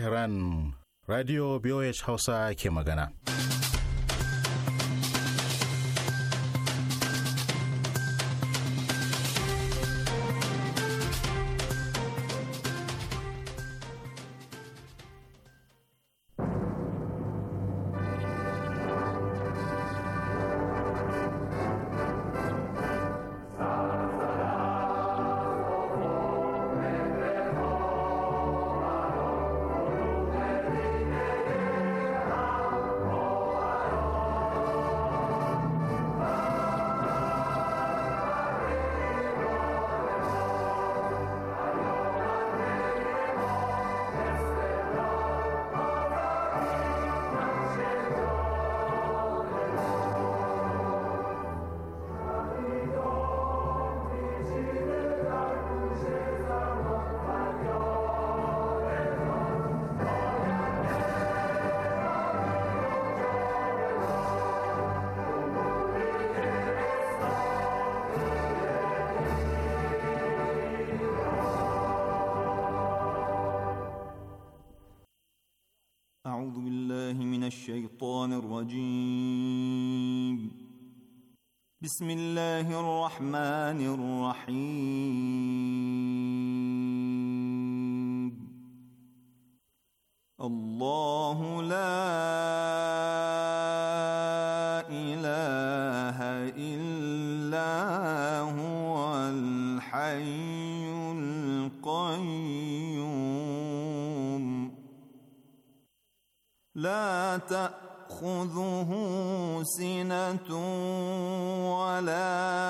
Iran, Radio BOH Hausa ke magana.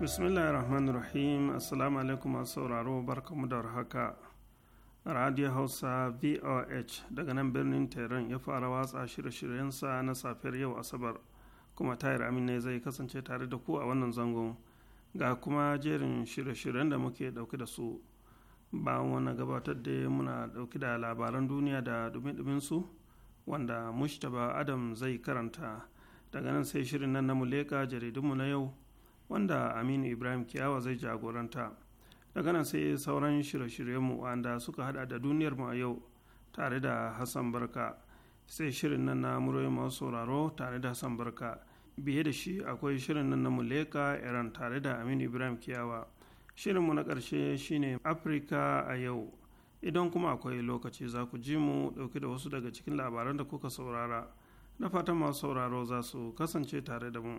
bismillahir rahmanir rahim assalamu alaikum masu sauraro barkamu da haka radio hausa voh daga nan birnin tehran ya fara watsa shirye-shiryensa na safiyar yau asabar kuma tayar amina zai kasance tare da ku a wannan zangon ga kuma jerin shirye-shiryen da muke dauke da su bayan wani gabatar da muna dauke da labaran duniya da su wanda mushtaba adam zai karanta daga nan sai shirin nan na muleka jaridunmu na yau wanda aminu ibrahim kiyawa zai jagoranta daga nan sai sauran shirye-shiryenmu wanda suka hada da duniyar mu a yau tare da hassan barka sai shirin nan na muryoyin masu sauraro tare da hassan barka biye da shi akwai shirin nan na muleka iran tare da aminu ibrahim kiyawa mu na ƙarshe shine afirka a yau idan kuma akwai lokaci za ku ji mu ɗauki da wasu daga cikin labaran da kuka saurara na fatan masu sauraro za su kasance tare da mu.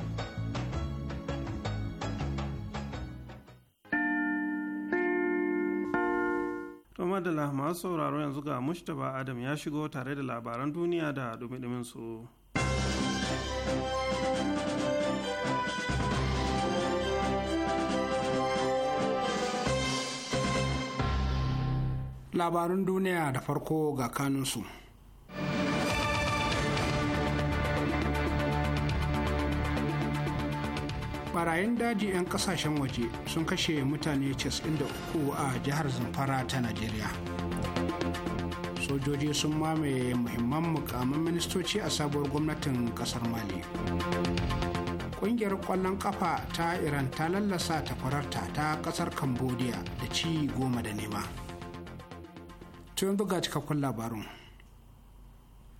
madala masu sauraro yanzu ga Mustapha Adam ya shigo tare da labaran duniya da dumi su. Labarun duniya da farko ga kanunsu. barayin daji 'yan kasashen waje sun kashe mutane 93 a jihar zamfara ta najeriya sojoji sun mamaye muhimman mukamin ministoci a sabuwar gwamnatin kasar mali kungiyar kwallon kafa ta iran ta lallasa takwararta ta kasar cambodia da ci goma da nema tun buga cikakkun labarun.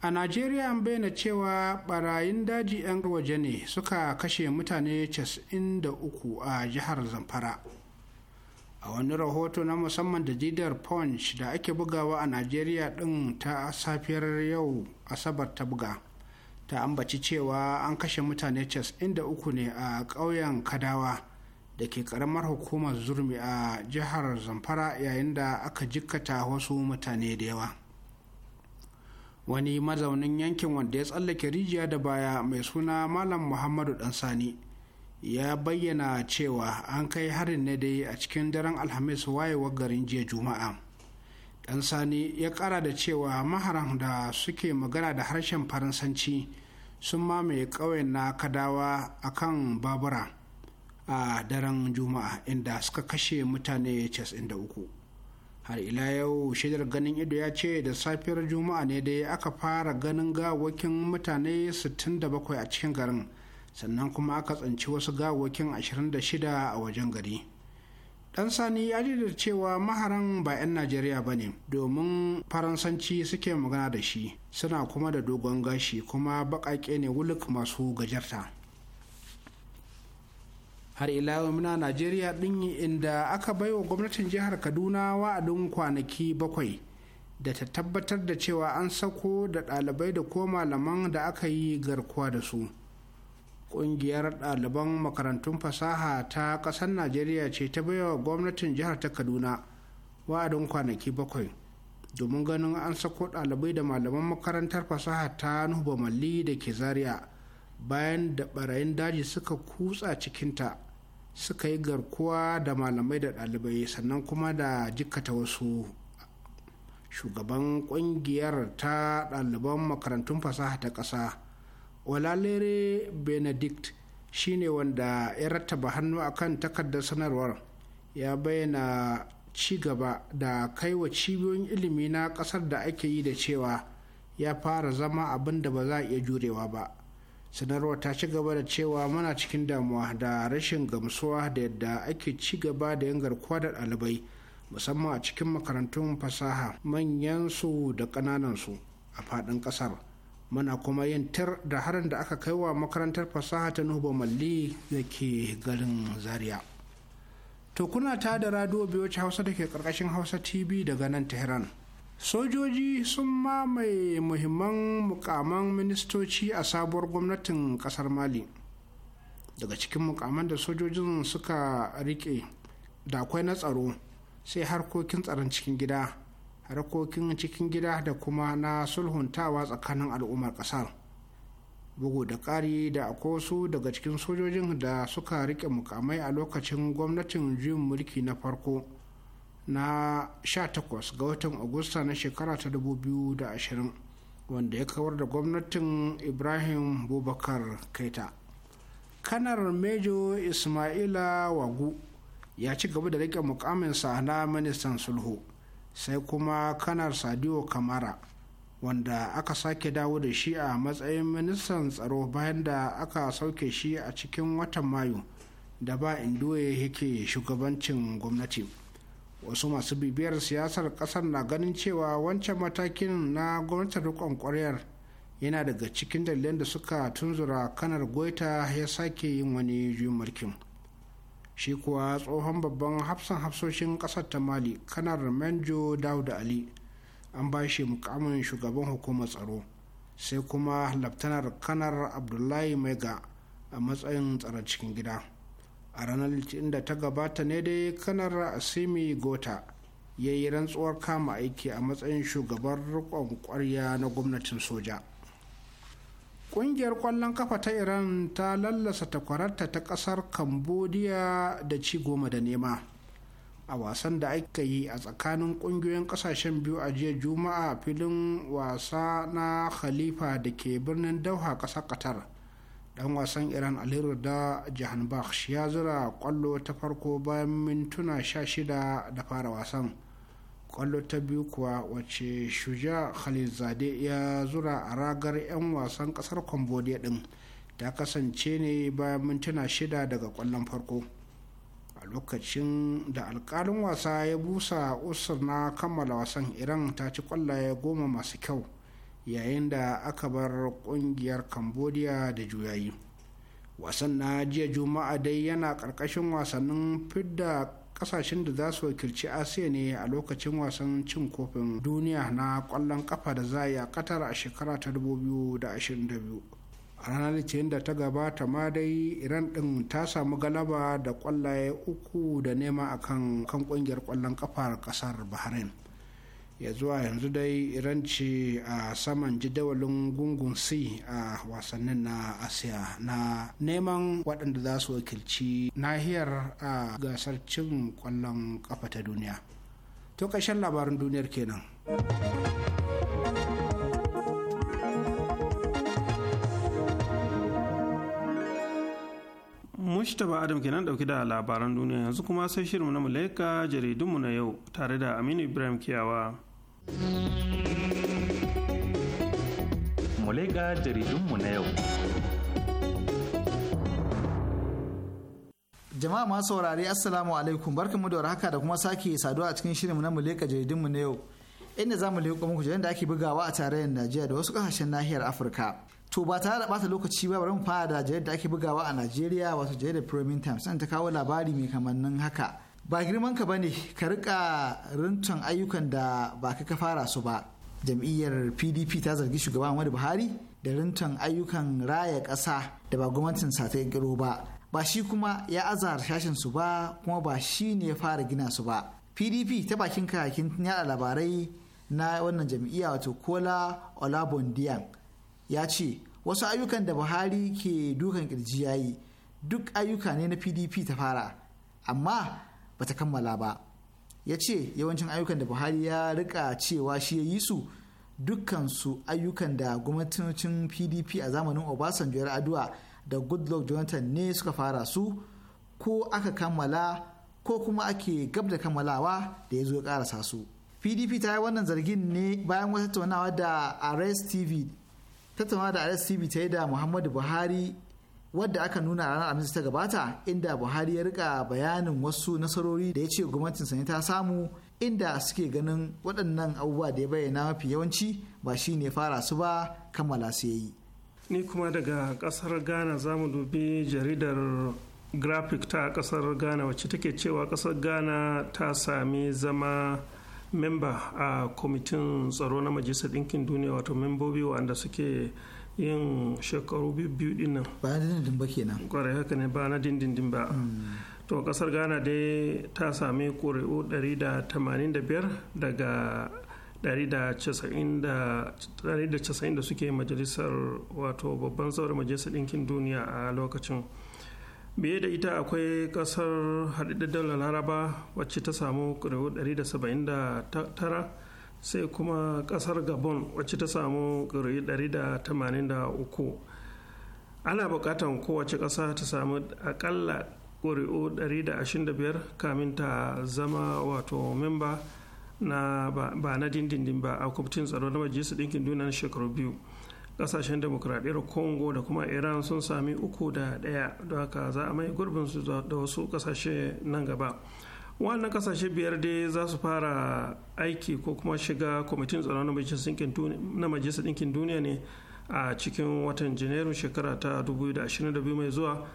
a najeriya an bayyana cewa barayin daji 'yan waje ne suka kashe mutane 93 a jihar zamfara a wani rahoto na musamman da jidar punch da ake bugawa a najeriya ɗin ta safiyar yau asabar ta buga ta ambaci cewa an kashe mutane 93 ne a ƙauyen kadawa da ke karamar hukumar zurmi a jihar zamfara yayin da aka jikkata wasu mutane da yawa wani mazaunin yankin wanda ya tsallake rijiya da baya mai suna malam muhammadu Ɗansani ya bayyana cewa an kai harin ne dai a cikin daren alhamis wayewar garin jiya juma'a Ɗansani ya kara da cewa maharan da suke magana da harshen faransanci sun mamaye ƙauyen na kadawa a kan babura a daren juma'a inda suka kashe mutane 93 har ila yau shaidar ganin ido ya ce da safiyar juma'a ne dai aka fara ganin gawakin mutane 67 a cikin garin sannan kuma aka tsanci wasu gawakin 26 a wajen gari dan sani ya da cewa maharan ba 'yan najeriya ba ne domin faransanci suke magana da shi suna kuma da dogon gashi kuma baƙaƙe ne wuluk masu gajarta har ila yau muna najeriya din inda aka baiwa gwamnatin jihar kaduna wa'adin kwanaki bakwai da ta tabbatar da cewa an sako da ɗalibai da ko malaman da aka yi garkuwa da su ƙungiyar ɗaliban makarantun fasaha ta ƙasar najeriya ce ta baiwa gwamnatin jihar ta kaduna wa'adin kwanaki bakwai domin ganin an sako ɗalibai da malaman makarantar fasaha ta nuhu malli da ke zaria bayan da ɓarayin daji suka kutsa cikinta suka yi garkuwa da malamai da ɗalibai sannan kuma da jikata wasu shugaban ƙungiyar ta ɗaliban makarantun fasaha ta ƙasa walalere benedict shine wanda ya rattaba hannu a kan takardar sanarwar ya bayyana ci gaba da kaiwa cibiyoyin ilimi na ƙasar da ake yi da cewa ya fara zama abin da ba za a iya jurewa ba sanarwar ta ci gaba da cewa muna cikin damuwa da rashin gamsuwa da yadda ake ci gaba da yin garkuwa da ɗalibai musamman a cikin makarantun fasaha manyansu da ƙananansu a faɗin ƙasar muna kuma yin tar da harin da aka kai wa makarantar fasaha ta nuba malli da ke garin zaria to kuna ta da radio biyu hausa da ke ƙarƙashin hausa tv daga nan tehran sojoji sun mamaye muhimman mukaman ministoci a sabuwar gwamnatin kasar mali daga cikin mukaman da sojojin suka rike da akwai na tsaro sai harkokin tsaron cikin gida harkokin cikin gida da kuma na sulhuntawa tsakanin al'ummar kasar bugu da ƙari da akwai wasu daga cikin sojojin da suka rike mukamai a lokacin gwamnatin juyin mulki na farko na 18 ga watan agusta na shekara ta 2020 wanda ya kawar da gwamnatin ibrahim bubakar kaita kanar mejo ismaila wagu ya ci gaba da rike mukaminsa na ministan sulhu sai kuma kanar sadio kamara wanda aka sake dawo da shi a matsayin ministan tsaro bayan da aka sauke shi a cikin watan mayu da ba indoye yake shugabancin gwamnati wasu masu bibiyar siyasar kasar na ganin cewa wancan matakin na gwamnatin rikon kwaryar yana daga cikin dalilan da suka tunzura kanar goita ya sake yin wani juyin mulkin shi kuwa tsohon babban hafsan hafsoshin kasar ta mali kanar manjo dauda ali an ba shi mukamin shugaban hukumar tsaro sai kuma laftanar kanar abdullahi mega a matsayin tsaron cikin gida a ranar litinin da ta gabata ne dai kanar asimi gota ya yi rantsuwar kama aiki a matsayin shugaban rikon kwarya na gwamnatin soja ƙungiyar ƙwallon kafa ta iran ta lallasa takwararta ta ƙasar cambodia da ci goma da nema a wasan da aka yi a tsakanin ƙungiyoyin ƙasashen biyu a jiya juma'a filin wasa na khalifa da ke birnin dauha ƙasar qatar dan wasan iran da alirda jahanbakhsh ya zura kwallo ta farko bayan mintuna sha shida da fara wasan kwallo ta biyu kuwa wace shuja khalizade ya zura a ragar 'yan wasan kasar cambodia din ta kasance ne bayan mintuna shida daga kwallon farko a lokacin da alkalin wasa ya busa usur na kammala wasan iran ta ci kwallaye goma masu kyau yayin da aka bar kungiyar cambodia da juyayi wasan na jiya juma'a dai yana karkashin wasannin fidda kasashen da za su wakilci asiya ne a lokacin wasan cin kofin duniya na kwallon kafa da za a yi a katar a shekara ta 2022 a ranar litinin da ta gabata ma dai iran din ta samu galaba da kwallaye uku da nema akan kan ƙungiyar ƙwallon kafar ƙasar bahrain ya zuwa yanzu dai iran ce a saman jadawalin gungun c a wasannin na asiya na neman waɗanda za su wakilci nahiyar a gasar cin ƙwallon kafa ta duniya to ƙarshen labarin duniyar kenan. Mushtaba Adam kenan dauke da labaran duniya yanzu kuma sai shirin na Mulaika jaridunmu na yau tare da Aminu Ibrahim Kiyawa. Mulega jaridunmu na yau. Jama'a masu saurari Assalamu alaikum barkanmu da warhaka da kuma sake saduwa a cikin shirinmu na jaridun mu na yau. Inda za mu leƙo muku jaridun da ake bugawa a tarayyar Najeriya da wasu kasashen nahiyar Afirka. To ba tare da bata lokaci ba bari mu fara da jaridar da ake bugawa a Najeriya wato jaridar Premium Times ta kawo labari mai kamannin haka. ba girman ka bane ka rika rintun ayyukan da ba ka fara su ba jam'iyyar pdp ta zargi shugaban wani buhari da rintun ayyukan raya ƙasa da ba gwamnatin sa ta ƙirƙiro ba ba shi kuma ya aza harsashin su ba kuma ba shi ne ya fara gina su ba pdp ta bakin kakin yada labarai na wannan jam'iyya wato kola olabondiyan ya ce wasu ayyukan da buhari ke dukan kirji yayi duk ayyuka ne na pdp ta fara amma ba ta kammala ba ya ce yawancin ayyukan da buhari ya rika cewa shi ya yi su dukkansu ayyukan da gwamnatin pdp a zamanin obasanjo ya addu'a da goodluck jonathan ne suka fara su ko aka kammala ko kuma ake gab da kammalawa da ya zo ya karasa su pdp ta yi wannan zargin ne bayan wata tattaunawa da arrest tv ta yi da muhammadu buhari wadda aka nuna ranar amince ta gabata inda buhari ya rika bayanin wasu nasarori da ya ce gwamnatin sani ta samu inda suke ganin waɗannan abubuwa da ya bayyana mafi yawanci ba shi ne fara su ba kammala su yayi ni kuma daga kasar ghana za mu dubi jaridar graphic ta kasar ghana wacce take cewa ƙasar ghana ta sami zama memba a kwamitin tsaro na majalisar ɗinkin duniya wato membobi wanda suke yin shekaru biyu din nan ba na dindindin ba kenan kwarai haka ne ba na dindindin ba hmm. to kasar ghana dai ta sami ƙuri'u 185 daga 190 da suke majalisar wato babban tsawar majalisar ɗinkin duniya a lokacin biye da ita akwai kasar haɗaɗɗen laraba wacce ta samu ƙuri'u 179 sai kuma kasar gabon wacce ta samu ƙuri'u 183 ana buƙatar kowace ƙasa ta samu aƙalla ƙuri'u 125 kamin ta zama wato memba na ba na dindindin ba a kwamitin tsaro na majalisar ɗinkin duniya na shekaru biyu ƙasashen demokuraɗiyar congo da kuma iran sun sami uku da ɗaya da haka za a mai gurbin su da wasu ƙasashe nan gaba wannan kasashe biyar dai za su fara aiki ko kuma shiga kwamitin tsaro na majalisar ɗinkin duniya ne a cikin watan janairun shekara ta 2022 mai zuwa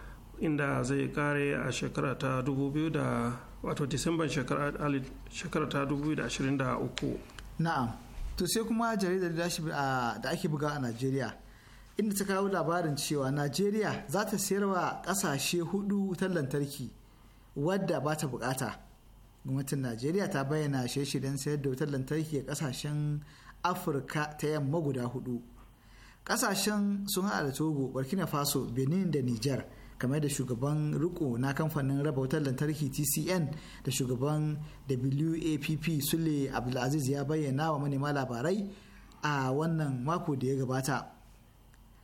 inda zai kare a shekara ta 2000 wato disamban shekara ta 2023 na'am to sai kuma jaridar da ake buga a najeriya inda ta kawo labarin cewa najeriya za ta sayarwa kasashe hudu wutar lantarki wadda ba ta bukata gwamnatin najeriya ta bayyana shirye-shiryen sayar da wutar lantarki a kasashen afirka ta yamma guda hudu kasashen sun haɗa da togo burkina faso benin da niger kamar da shugaban riko na kamfanin raba wutar lantarki tcn da shugaban wapp sule abdulaziz ya bayyana wa manema labarai a wannan mako da ya gabata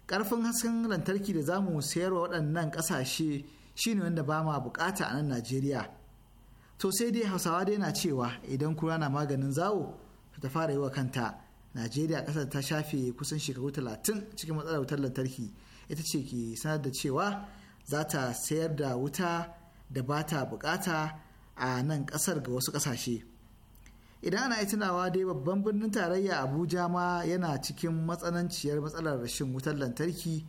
karfin hasken lantarki da zamu sayarwa waɗannan ƙasashe shine wanda ba ma bukata a nan najeriya to sai dai hausawa dai na cewa idan kura na maganin zawo ta fara yi wa kanta najeriya kasar ta shafe kusan shekaru talatin cikin matsalar wutar lantarki ita ce ke sanar da cewa za ta sayar da wuta da ba ta bukata a nan kasar ga wasu kasashe idan ana yi tunawa dai babban birnin tarayya abuja ma yana cikin matsananciyar matsalar rashin wutar lantarki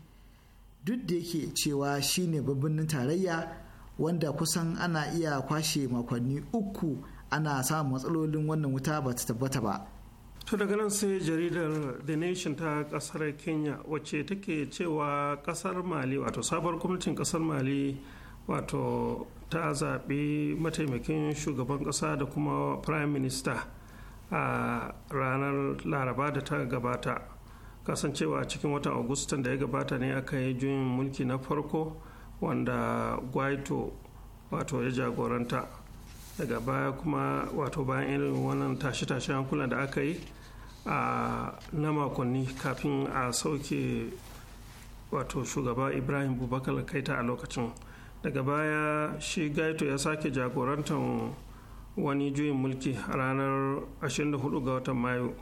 duk da yake cewa shine babban birnin tarayya wanda kusan ana iya kwashe makonni uku ana samun matsalolin wannan wuta ba ta tabbata ba to daga nan sai jaridar the nation ta kasar kenya wacce take cewa kasar mali wato sabuwar gwamnatin kasar mali wato ta zaɓi mataimakin shugaban ƙasa da kuma prime minister a ranar laraba da ta gabata kasancewa cikin watan agustan da ya gabata ne aka yi juyin mulki na farko wanda guaito wato ya jagoranta daga baya kuma wato bayan irin wannan tashi tashi hankula da aka yi a na makonni kafin a sauke wato shugaba ibrahim bubakar kaita a lokacin daga baya shi gaito ya sake jagorantar wani juyin mulki a ranar 24 ga watan mayu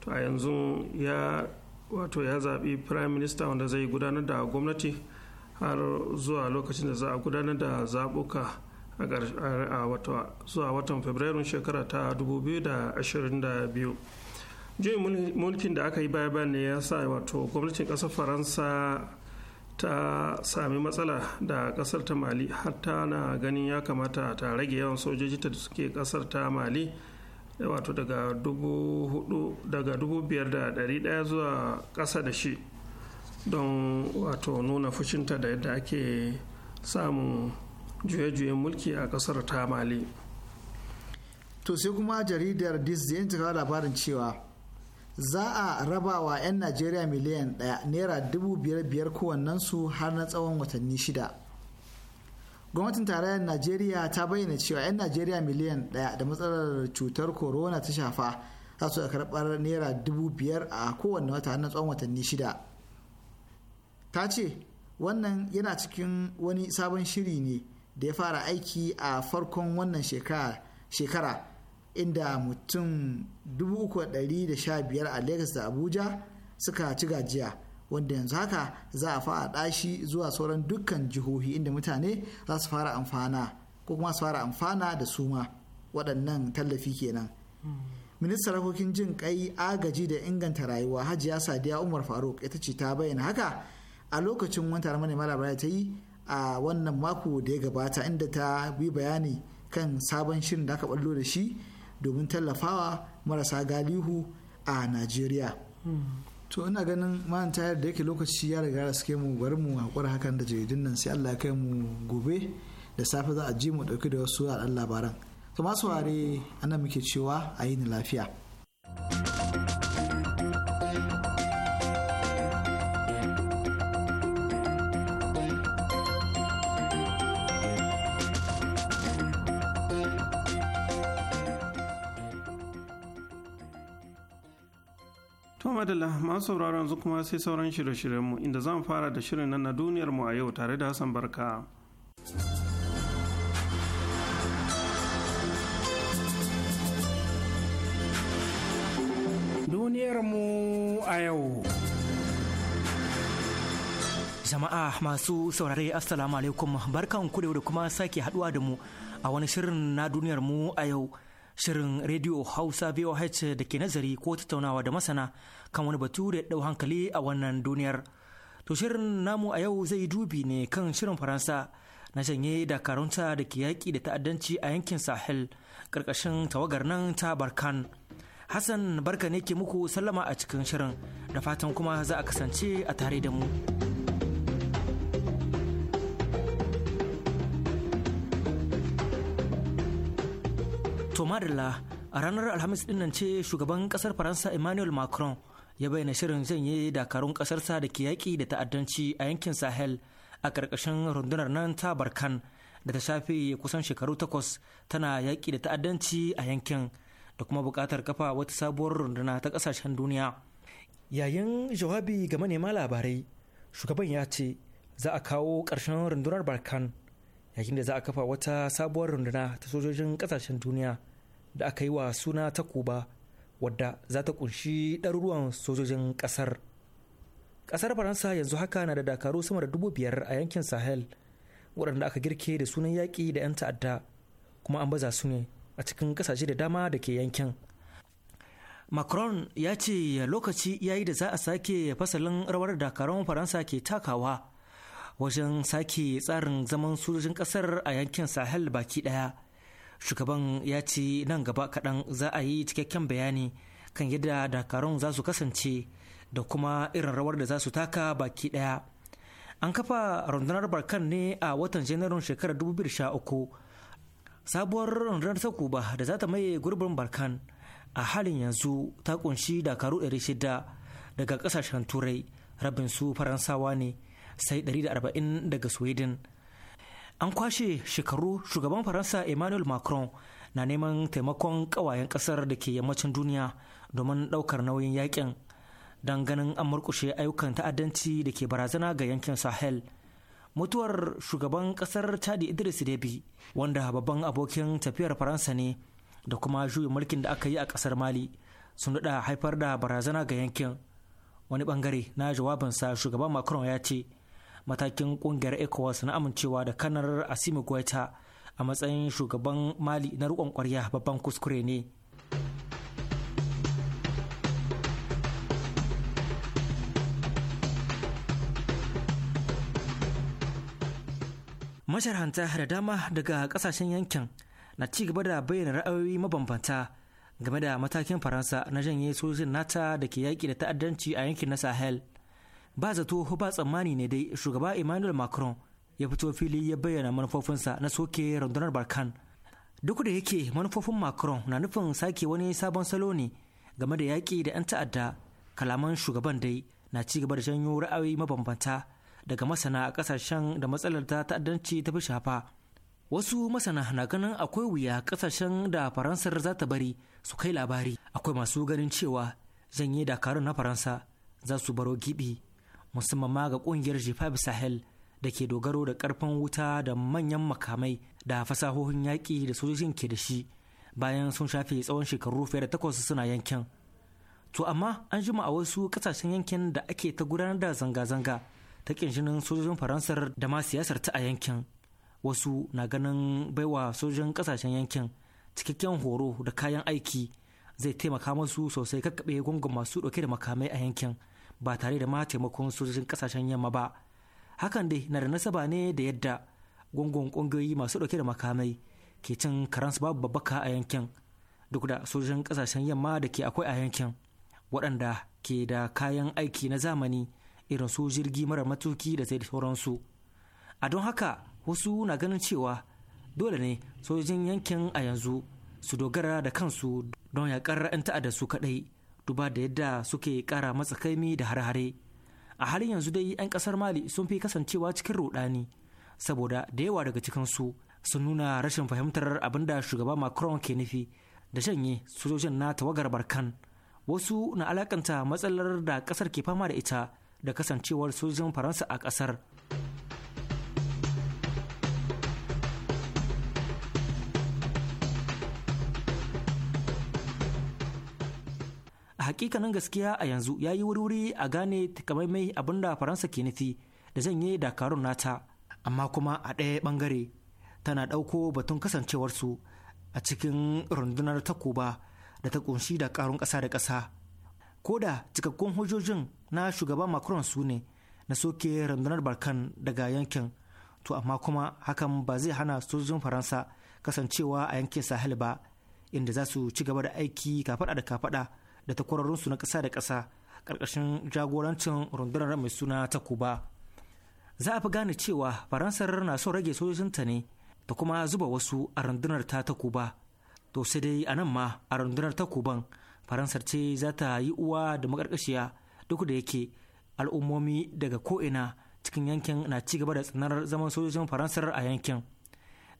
to a yanzu ya wato ya zaɓi prime minister wanda zai gudanar da gwamnati har zuwa lokacin da za a gudanar da zaɓuka a zuwa watan fabrairun shekara ta 2022 juyin mulkin da aka yi baya bayan ya sa wato gwamnatin ƙasar faransa ta sami matsala da ƙasar ta mali har ta na ganin ya kamata ta rage yawan sojoji ta suke ƙasar ta mali wato daga 4,500 zuwa ƙasa da shi don wato nuna fushinta da yadda ake samun juye-juyen mulki a kasar ta mali to sai kuma jaridar disney ta labarin cewa za a raba wa 'yan najeriya miliyan daya naira dubu biyar biyar kowannensu har na tsawon watanni shida gwamnatin tarayyar najeriya ta bayyana cewa 'yan najeriya miliyan ɗaya da matsalar cutar corona ta shafa za su karɓar naira dubu biyar a kowanne wata har na tsawon watanni shida ta ce wannan yana cikin wani sabon shiri ne da ya fara aiki a farkon wannan shekara inda mutum 3,115 a Legas da Abuja suka ci gajiya wanda yanzu haka za a faɗa dashi zuwa sauran dukkan jihohi inda mutane za su fara amfana ko kuma su fara amfana da suma waɗannan tallafi kenan. ministan harkokin jin kai agaji da inganta rayuwa hajiya sadiya umar faruk ita ce ta bayyana haka a lokacin wani taron manema labarai ta yi a wannan mako da ya gabata inda ta bi bayani kan sabon shirin da aka ballo da shi domin tallafawa marasa galihu a najeriya to ina ganin manan tayar da yake lokaci ya riga da suke mu bari mu hakura hakan da jaridun nan sai allah ya kai mu gobe da safe za a ji mu dauki da wasu al'an labaran to masu ware ana muke cewa a yi ni lafiya madalla masu sauraron yanzu kuma sai sauran shirye-shiryenmu inda zan fara da shirin nan na duniyarmu a yau tare da Hassan Barka. Duniyarmu a yau. Jama'a masu saurare Assalamu alaikum barkan ku da kuma sake haduwa da mu a wani shirin na duniyarmu a yau. shirin rediyo hausa voh da ke nazari ko tattaunawa da masana kan wani batu da ɗau hankali a wannan duniyar to shirin namu a yau zai dubi ne kan shirin faransa na shanye dakarunta da ke yaƙi da ta'addanci a yankin sahel ƙarƙashin tawagar nan ta barkan hassan barka ne ke muku sallama a cikin shirin da fatan kuma za a kasance a tare da mu. To a ranar Alhamis dinnan ce shugaban kasar Faransa Emmanuel Macron ya bayyana shirin janye dakarun kasarsa da ke yaƙi da ta'addanci a yankin Sahel a ƙarƙashin rundunar nan ta Barkan da ta shafe kusan shekaru takwas tana yaƙi da ta'addanci a yankin da kuma buƙatar kafa wata sabuwar runduna ta ƙasashen duniya. Yayin jawabi ga manema labarai, shugaban ya ce za a kawo ƙarshen rundunar Barkan yakin da za a kafa wata sabuwar runduna ta sojojin kasashen duniya da aka yi wa suna ta kuba wadda za ta kunshi ɗaruruwan sojojin ƙasar ƙasar faransa yanzu haka na da dakaru sama da dubu biyar a yankin sahel waɗanda aka girke da sunan yaƙi da 'yan ta'adda kuma an baza su ne a cikin ƙasashe da dama da ke yankin macron ya ce lokaci ya yi da za a sake fasalin rawar dakarun faransa ke takawa wajen sake tsarin zaman sojojin kasar a yankin sahel baki daya shugaban ya ce nan gaba kaɗan za a yi cikakken bayani kan yadda dakarun za su kasance da kuma irin rawar da za su taka baki daya an kafa rundunar barkan ne a watan janairun shekarar 2013 sabuwar rundunar takuba da za ta maye gurbin barkan a halin yanzu ta kunshi dakaru 600 daga kasashen turai rabin su faransawa ne sai 140 daga sweden an kwashe shekaru shugaban faransa emmanuel macron na neman taimakon kawayen kasar da ke yammacin duniya domin daukar nauyin yakin don ganin an murkushe ayyukan ta'addanci da ke barazana ga yankin sahel mutuwar shugaban kasar chadi idris debi wanda babban abokin tafiyar faransa ne da kuma juyi mulkin da aka yi a kasar mali sun haifar da barazana ga yankin wani bangare na jawabinsa shugaban macron ya ce matakin kungiyar ecowas na amincewa da kanar asimi guaita a matsayin shugaban mali na riƙon kwarya babban kuskure ne masharhanta da dama daga kasashen yankin na ci gaba da bayyana ra'ayoyi mabambanta game da matakin faransa na janye sojin nata da ke yaƙi da ta'addanci a yankin na sahel ba zato ba tsammani ne dai shugaba emmanuel macron ya fito fili ya bayyana manufofinsa na soke rundunar balkan. duk da yake manufofin macron na nufin sake wani sabon salo ne game da yaƙi da 'yan ta'adda kalaman shugaban dai na ci gaba da janyo ra'ayi mabambanta daga masana a ƙasashen da matsalar ta ta'addanci ta fi shafa wasu masana na ganin akwai wuya kasashen da faransar za ta bari su kai labari akwai masu ganin cewa janye dakarun na faransa za su baro gibi musamman ma ga kungiyar g Sahel da ke dogaro da karfin wuta da manyan makamai da fasahohin yaƙi da sojojin ke da shi bayan sun shafe tsawon shekaru fiye da takwas suna yankin. To amma an jima a wasu kasashen yankin da ake ta gudanar da zanga-zanga ta kinshinin sojojin Faransar da ma siyasar ta a yankin. Wasu na ganin baiwa sojojin kasashen yankin cikakken horo da kayan aiki zai taimaka musu sosai kakkaɓe gungun masu ɗauke da makamai a yankin. ba tare da ma taimakon sojojin kasashen yamma ba hakan dai na da nasaba ne da yadda gungun kungiyoyi masu dauke da makamai ke cin karansu babu babbaka a yankin duk da sojojin kasashen yamma da ke akwai a yankin waɗanda ke da kayan aiki na zamani irin su jirgi mara matuki da sai sauransu a don haka wasu na ganin cewa dole ne sojojin yankin a yanzu su dogara da kansu don yakar 'yan ta'adda su kaɗai duba da yadda suke kara kaimi da har-hare a halin yanzu dai 'yan kasar mali sun fi kasancewa cikin rudani saboda da yawa daga cikinsu sun nuna rashin fahimtar abin da shugaba macron ke nufi da shanye sojojin na tawagar barkan wasu na alakanta matsalar da kasar ke fama da ita da kasancewar sojojin faransa a kasar a hakikanin gaskiya a yanzu ya yi wuri-wuri a gane takamaimai abin da faransa ke nufi da zan yi dakarun nata amma kuma a ɗaya ɓangare tana ɗauko batun kasancewarsu a cikin rundunar takuba da ta kunshi da ƙarun ƙasa da ƙasa ko da cikakkun hujjojin na shugaban macron su ne na soke rundunar balkan daga yankin to amma kuma hakan ba zai hana sojojin faransa kasancewa a yankin sahel ba inda za su ci gaba da aiki kafaɗa da kafaɗa. da takwararrunsu na ƙasa da ƙasa ƙarƙashin jagorancin rundunar mai suna ta kuba za a fi gane cewa faransar na son rage sojojinta ne da kuma zuba wasu a rundunar ta ta kuba to sai dai a nan ma a rundunar ta kuban faransar ce za ta yi uwa da makarkashiya duk da yake al'ummomi daga ko'ina cikin yankin na ci gaba da tsanar zaman sojojin faransar a yankin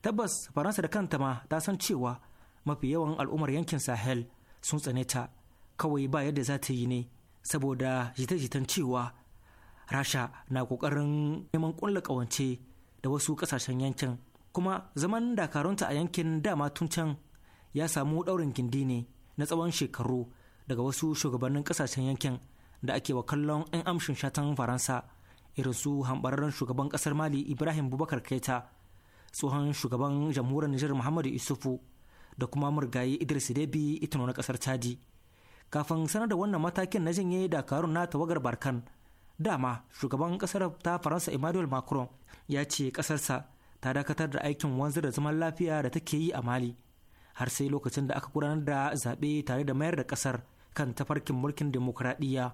tabbas faransa da kanta ma ta san cewa mafi yawan al'ummar yankin sahel sun tsane ta kawai ba yadda za ta yi ne saboda jita-jitan cewa rasha na kokarin neman kulla kawance da wasu kasashen yankin kuma zaman dakarunta a yankin dama tun can ya samu daurin gindi ne na tsawon shekaru daga wasu shugabannin kasashen yankin da ake wa kallon 'yan amshin shatan faransa irin su hambararren shugaban kasar mali ibrahim bubakar kaita tsohon shugaban jamhuriyar nijar muhammadu isufu da kuma murgaye idris debi ita na kasar chadi kafin sanar da wannan matakin na janye dakarun na tawagar barkan dama shugaban kasar ta faransa emmanuel macron ya ce kasarsa ta dakatar da aikin wanzu da zaman lafiya da take yi a mali har sai lokacin da aka gudanar da zaɓe tare da mayar da kasar kan tafarkin mulkin demokuraɗiyya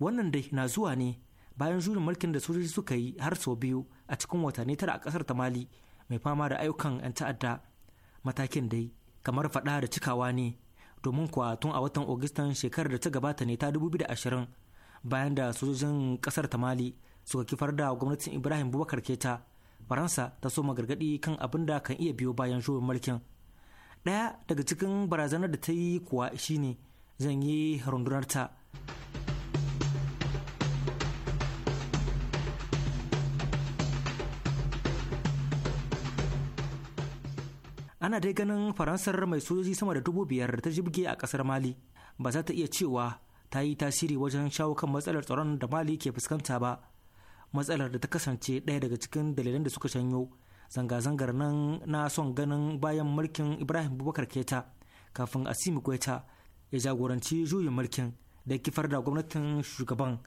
wannan dai na zuwa ne bayan juyin mulkin da sojoji suka yi har sau biyu a cikin watanni tara a kasar ta mali mai fama da ayyukan 'yan ta'adda matakin dai kamar faɗa da cikawa ne domin kuwa tun a watan Agustan shekarar da ta gabata ne ta 2020 bayan da sojojin kasar ta Mali suka kifar da gwamnatin Ibrahim Bubakar Keta Faransa ta soma gargadi kan abin da kan iya biyo bayan shugaban mulkin. Ɗaya daga cikin barazanar da ta yi kuwa shine zan yi rundunar ta. ana dai ganin faransar mai sojoji sama da dubu biyar ta jibge a kasar mali ba za ta iya cewa ta yi tasiri wajen shawo kan matsalar tsaron da mali ke fuskanta ba matsalar da ta kasance ɗaya daga cikin dalilan da suka shanyo zanga-zangar nan na son ganin bayan mulkin ibrahim bubakar keta kafin asimi gweta ya jagoranci juyin mulkin da kifar da gwamnatin shugaban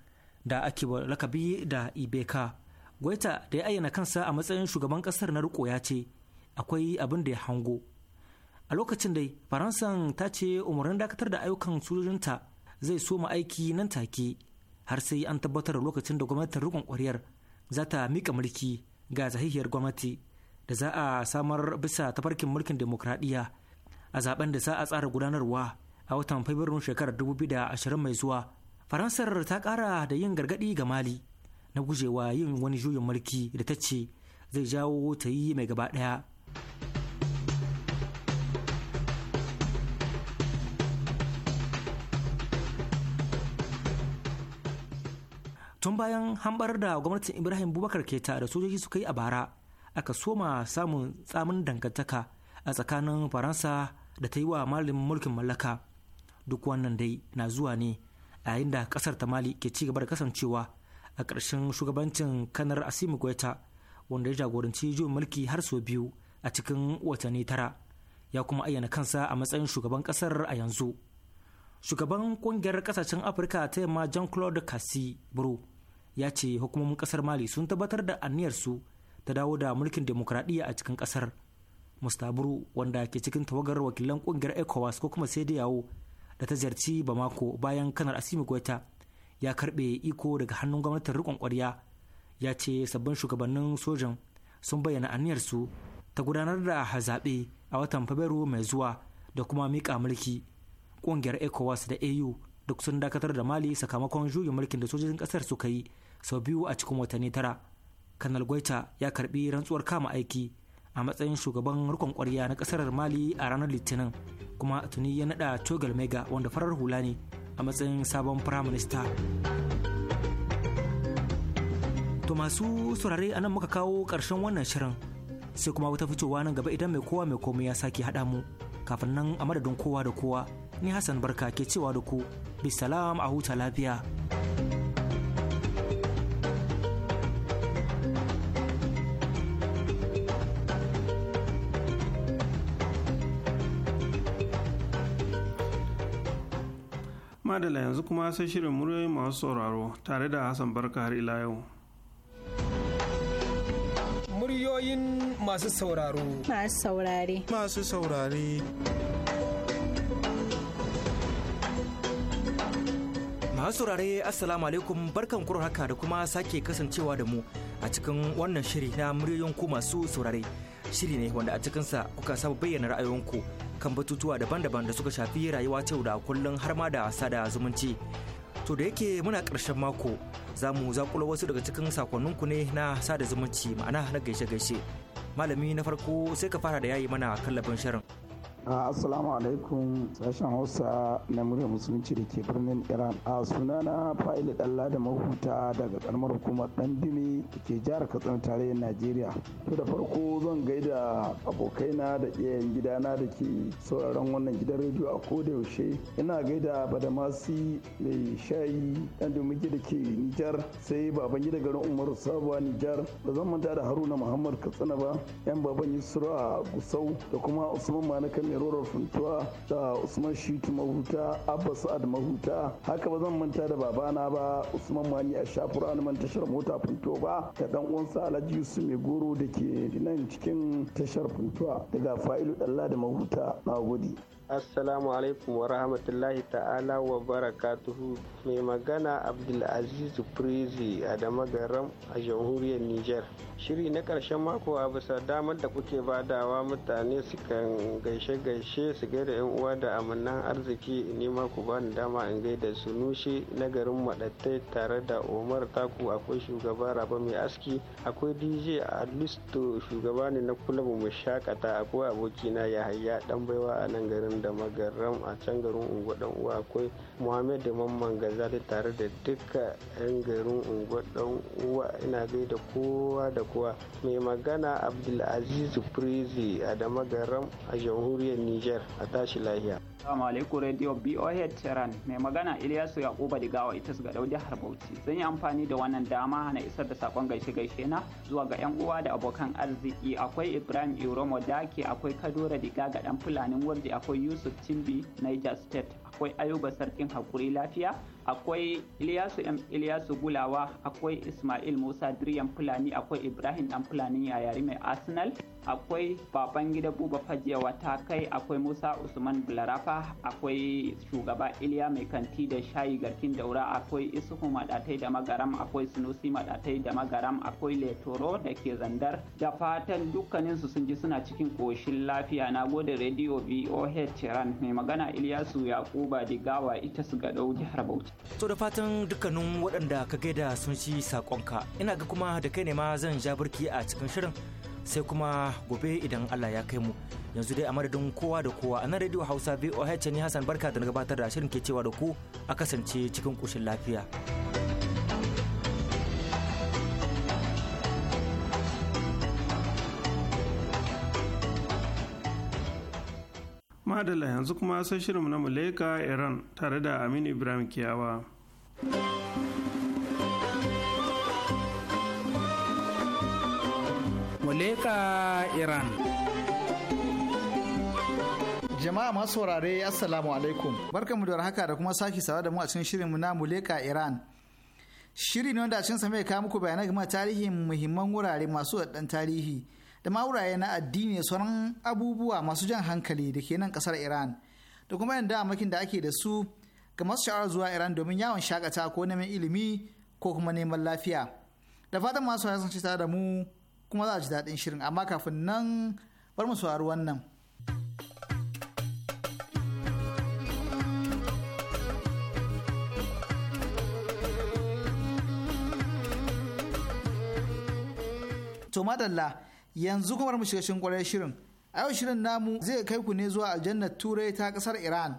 da ake lakabi da ibeka gweta da ya ayyana kansa a matsayin shugaban kasar na riko ya ce akwai abin da ya hango a lokacin dai faransan ta ce umarnin dakatar da ayyukan sojojinta zai soma aiki nan take har sai an tabbatar da lokacin da gwamnatin rikon kwaryar za ta miƙa mulki ga zahihiyar gwamnati da za a samar bisa tafarkin mulkin demokradiyya a zaben da za a tsara gudanarwa a watan fabrairun shekarar 2020 mai zuwa faransar ta ƙara da yin gargadi ga mali na gujewa yin wani juyin mulki da ta ce zai jawo ta yi mai gaba ɗaya tun bayan hambar da gwamnatin ibrahim bubakar keta da sojoji suka yi a bara aka soma samun tsamin dangantaka a tsakanin faransa da ta yi wa malin mulkin mallaka duk wannan dai na zuwa ne a yayin da kasar ta mali ke ci gaba da kasancewa a ƙarshen shugabancin kanar asimu goita wanda ya jagoranci juyin mulki har sau biyu a cikin watanni tara ya kuma ayyana kansa a matsayin shugaban kasar a yanzu shugaban kungiyar kasashen afirka ta yamma jean claude cassi bro ya ce hukumomin kasar mali sun tabbatar da su ta dawo da mulkin demokradiyya a cikin kasar mustaburu wanda ke cikin tawagar wakilan kungiyar ecowas ko kuma sai yawo da ta ziyarci bamako bayan kanar asimi goita ya karbe iko daga hannun gwamnatin rikon kwarya ya ce sabbin shugabannin sojan sun bayyana su. ta gudanar da zaɓe a watan fabrairu mai zuwa da kuma miƙa mulki ƙungiyar ecowas da au duk sun dakatar da mali sakamakon juyin mulkin da sojojin ƙasar suka yi sau biyu a cikin watanni tara kanal gwaita ya karbi rantsuwar kama aiki a matsayin shugaban rikon kwarya na ƙasar mali a ranar litinin kuma tuni ya naɗa togal mega wanda farar hula ne a matsayin sabon firaminista to masu saurare a nan muka kawo ƙarshen wannan shirin sai kuma wata fitowa nan gaba idan mai kowa mai komai ya sake haɗa mu kafin nan a madadin kowa da kowa ni hassan barka ke cewa da ku bisalam a huta lafiya madala yanzu kuma sai shirin muryoyin masu sauraro tare da hassan barka har ila yau muryoyin masu sauraro. Masu saurare. Masu saurare. Masu saurare Assalamu alaikum barkan kuro haka da kuma sake kasancewa da mu a cikin wannan shiri na muryoyin ku masu saurare. Shiri ne wanda a cikinsa kuka saba bayyana ra'ayoyinku kan batutuwa daban-daban da suka shafi rayuwa ta da kullum har ma da sada zumunci. To da yake muna karshen mako za mu zakula wasu daga cikin sakonninku ne na sada zumunci ma'ana na gaishe-gaishe. Malami na farko sai ka fara da yayi mana kallafin shirin. Ah, assalamu alaikum sashen Hausa na murya musulunci da ke birnin Iran. A ah, sunana fa'ila dalla da mahuta daga karamar hukumar ɗan bini da ke jihar Katsina tarayyar Najeriya. To da farko zan gaida abokaina da iyayen gidana da ke sauraron wannan gidan rediyo a koda yaushe. Ina gaida Badamasi mai shayi ɗan da ke Nijar sai baban gida garin Umaru Sabuwa Nijar. Ba zan manta da Haruna Muhammad Katsina ba. Yan baban Yusra Gusau da kuma Usman Manakan Irorar Funtuwa da Usman Shitu Mahuta abba sa'ad Mahuta haka ba zan manta da babana ba Usman Mani a shafura na tashar mota Funtuwa ba da dan uwansa Alhaji Yusuf Mai Goro da ke nan cikin tashar Funtuwa daga Fa'ilu Dalla da Mahuta na gode. Assalamu alaikum wa rahmatullahi ta'ala wa barakatuhu mai magana Abdulaziz Prezi a Damagaram a jamhuriyar Nijar. Shiri na ƙarshen mako a bisa damar da kuke badawa mutane su kan gaishe-gaishe su gaida 'yan uwa da amannan arziki nema ku bani dama in gaida su nushe na garin maɗattai tare da Umar Taku akwai shugaba Rabe mai aski akwai DJ Alisto shugaba ne na kulabu mu shakata akwai abokina Yahaya dan baiwa a nan garin da magaram a can garin unguwa dan uwa akwai muhammed mamman gazali tare da duka 'yan garin unguwar dan uwa ina gaida kowa da kowa mai magana abdulaziz prezi a garam a jamhuriyar niger a tashi lahiya Assalamu alaikum Radio BOH Tehran mai magana Ilyasu Yakuba Digawa ita ga Daudi harbauchi Zan yi amfani da wannan dama na isar da sakon gaishe gaishe na zuwa ga yan uwa da abokan arziki akwai Ibrahim Iromo Dake akwai Kadura Diga ga dan Fulanin Wardi akwai Yusuf Cimbi Niger State akwai ayuba sarkin haƙuri lafiya akwai Ilyasu M Ilyasu Gulawa akwai Ismail Musa Driyam Fulani akwai Ibrahim Dan Fulani yayari mai Arsenal akwai baban Babangida Buba Fajewa ta kai akwai Musa Usman Bularafa akwai shugaba Iliya mai kanti da shayi garkin daura akwai Isuhu Madatai da Magaram akwai Sunusi Madatai da Magaram akwai Letoro da ke zandar da fatan dukkanin su sun ji suna cikin koshin lafiya na gode rediyo VOH Tehran mai magana Ilyasu Yakuba Digawa ita su gadau jihar Bauchi. To da fatan dukkanin waɗanda ka gaida sun ci saƙonka ina ga kuma da kai ne ma zan ja birki a cikin shirin sai kuma gobe idan Allah ya kai mu yanzu dai a madadin kowa da kowa a nan radio hausa voh ne hassan barka da gabatar da shirin ke cewa da ku a kasance cikin kushin lafiya. madalla yanzu kuma sai shirinmu na muleka iran tare da aminu ibrahim kiyawa muleka iran jama'a masu saurare assalamu alaikum barkanmu da haka da kuma saki sawa da mu a cikin shirinmu na muleka iran shiri ne wanda a cikin sa mai kawo muku bayanai game tarihin muhimman wurare masu ɗan tarihi da mawuraye na addini da sauran abubuwa masu jan hankali da ke nan kasar iran da kuma yin damakin da ake da su ga masu sha'awar zuwa iran domin yawon shakata ko neman ilimi ko kuma neman lafiya da fatan masu ya cita da mu kuma za a ji daɗin shirin amma kafin nan bar mu saurari wannan. to madalla yanzu kuma mu shiga cikin kwarai shirin a yau shirin namu zai kai ku ne zuwa aljannar turai ta kasar iran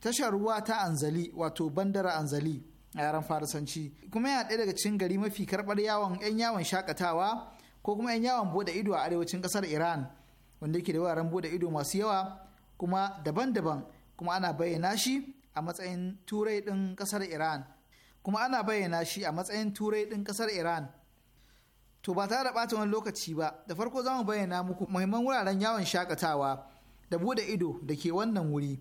tashar ruwa ta anzali wato bandara anzali a yaren farisanci kuma yana ɗaya daga cikin gari mafi karɓar yawon 'yan yawon shakatawa ko kuma 'yan yawon buɗe ido a arewacin kasar iran wanda yake da wuraren bude ido masu yawa kuma daban-daban kuma ana bayyana shi a matsayin turai ɗin kasar iran kuma ana bayyana shi a matsayin turai ɗin kasar iran To ba tare da ɓata wani lokaci ba, da farko za mu bayyana muku muhimman wuraren yawon shakatawa da buɗe ido da ke wannan wuri.